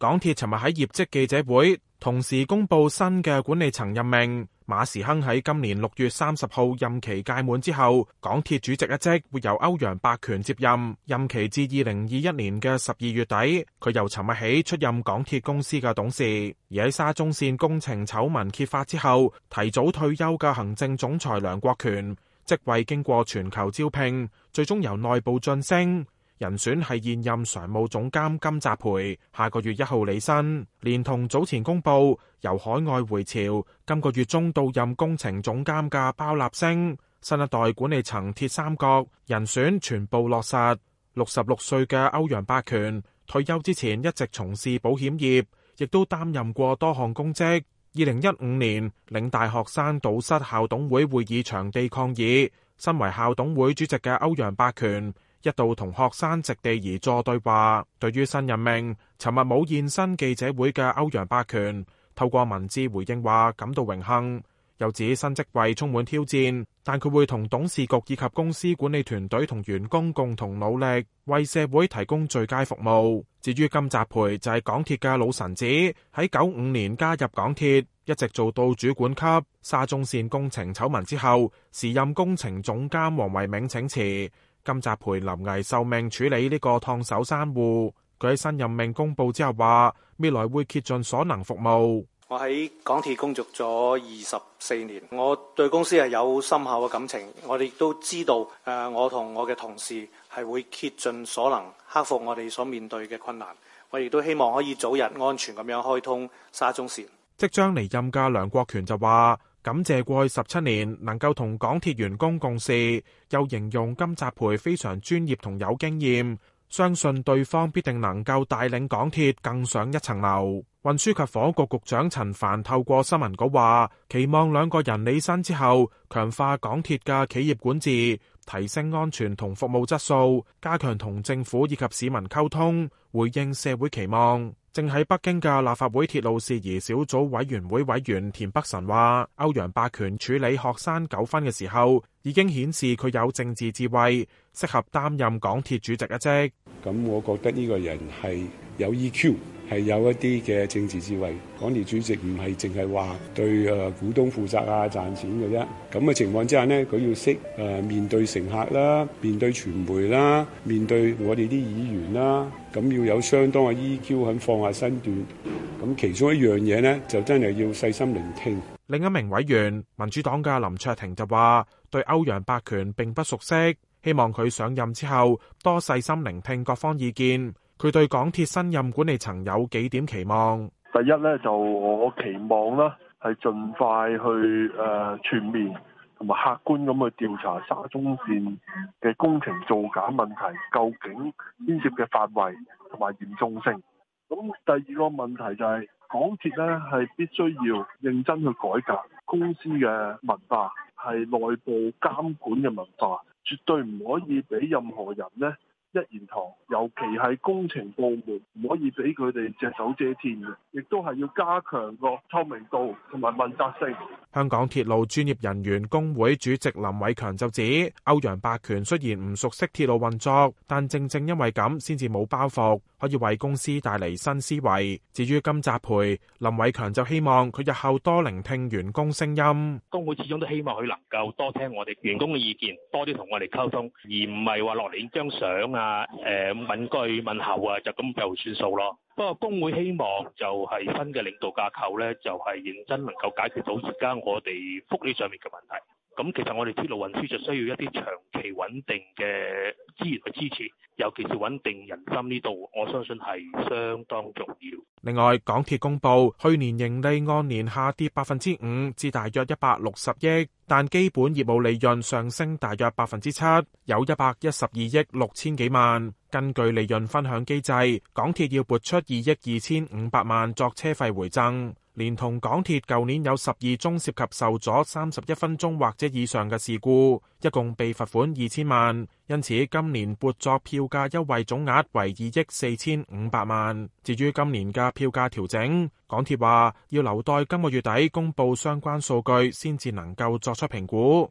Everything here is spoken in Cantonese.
港鐵尋日喺業績記者會同時公布新嘅管理層任命，馬時亨喺今年六月三十號任期屆滿之後，港鐵主席一職會由歐陽伯權接任，任期至二零二一年嘅十二月底。佢由尋日起出任港鐵公司嘅董事。而喺沙中線工程醜聞揭發之後，提早退休嘅行政總裁梁國權職位經過全球招聘，最終由內部晉升。人選係現任常務總監金澤培，下個月一號履新，連同早前公布由海外回巢，今個月中到任工程總監嘅包立升，新一代管理層鐵三角人選全部落實。六十六歲嘅歐陽伯權退休之前一直從事保險業，亦都擔任過多項公職。二零一五年，嶺大學生堵塞校董會會議場地抗議，身為校董會主席嘅歐陽伯權。一度同學生席地而坐對話。對於新任命，尋日冇現身記者會嘅歐陽伯權透過文字回應話，感到榮幸，又指新職位充滿挑戰，但佢會同董事局以及公司管理團隊同員工共同努力，為社會提供最佳服務。至於金澤培就係港鐵嘅老臣子，喺九五年加入港鐵，一直做到主管級。沙中綫工程醜聞之後，時任工程總監黃維銘請辭。金澤培臨危受命處理呢個燙手山芋，佢喺新任命公布之後話：未來會竭盡所能服務。我喺港鐵工作咗二十四年，我對公司係有深厚嘅感情。我哋都知道，誒，我同我嘅同事係會竭盡所能克服我哋所面對嘅困難。我亦都希望可以早日安全咁樣開通沙中綫。即將離任嘅梁國權就話。感謝過去十七年能夠同港鐵員工共事，又形容金澤培非常專業同有經驗，相信對方必定能夠帶領港鐵更上一層樓。運輸及房屋局局長陳帆透過新聞稿話，期望兩個人履新之後，強化港鐵嘅企業管治，提升安全同服務質素，加強同政府以及市民溝通，回應社會期望。正喺北京嘅立法會鐵路事宜小組委員會委員田北辰話，歐陽伯權處理學生糾紛嘅時候，已經顯示佢有政治智慧，適合擔任港鐵主席一職。咁我覺得呢個人係有 EQ。係有一啲嘅政治智慧，港鐵主席唔係淨係話對誒股東負責啊，賺錢嘅啫。咁嘅情況之下呢，佢要識誒面對乘客啦，面對傳媒啦，面對我哋啲議員啦，咁要有相當嘅 EQ，肯放下身段。咁其中一樣嘢呢，就真係要細心聆聽。另一名委員民主黨嘅林卓廷就話：對歐陽伯權並不熟悉，希望佢上任之後多細心聆聽各方意見。佢對港鐵新任管理層有幾點期望。第一咧就我期望啦，係盡快去誒、呃、全面同埋客觀咁去調查沙中綫嘅工程造假問題，究竟牽涉嘅範圍同埋嚴重性。咁第二個問題就係、是，港鐵咧係必須要認真去改革公司嘅文化，係內部監管嘅文化，絕對唔可以俾任何人咧。一言堂，尤其係工程部門，唔可以俾佢哋隻手遮天嘅，亦都係要加強個透明度同埋問責性。香港鐵路專業人員工會主席林偉強就指，歐陽伯權雖然唔熟悉鐵路運作，但正正因為咁，先至冇包袱，可以為公司帶嚟新思維。至於金澤培，林偉強就希望佢日後多聆聽員工聲音。工會始終都希望佢能夠多聽我哋員工嘅意見，多啲同我哋溝通，而唔係話落嚟影張相啊，誒，問句問候啊，就咁就算數咯。不過，工會希望就係新嘅領導架構咧，就係認真能夠解決到而家我哋福利上面嘅問題。咁其實我哋鐵路運輸就需要一啲長期穩定嘅資源去支持，尤其是穩定人心呢度，我相信係相當重要。另外，港鐵公布去年盈利按年下跌百分之五，至大約一百六十億，但基本業務利潤上升大約百分之七，有一百一十二億六千幾萬。根據利潤分享機制，港鐵要撥出二億二千五百萬作車費回贈，連同港鐵舊年有十二宗涉及受阻三十一分鐘或者以上嘅事故，一共被罰款二千萬，因此今年撥作票價優惠總額為二億四千五百萬。至於今年嘅票價調整，港鐵話要留待今個月底公布相關數據先至能夠作出評估。